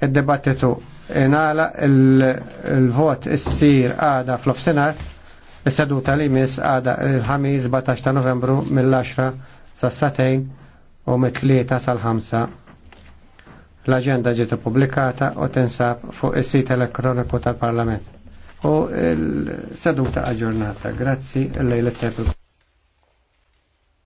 il debattitu inala il-vot issir għada fl-ofsenar is-seduta li mis għada il ħamiz 17 ta' novembru mill-10 sa' satejn u mit-3 sal-5 l-agenda ġiet publikata u tinsab fuq is-sit elektroniku tal-Parlament. U l-seduta aġġornata. Grazzi, lejlet tepil.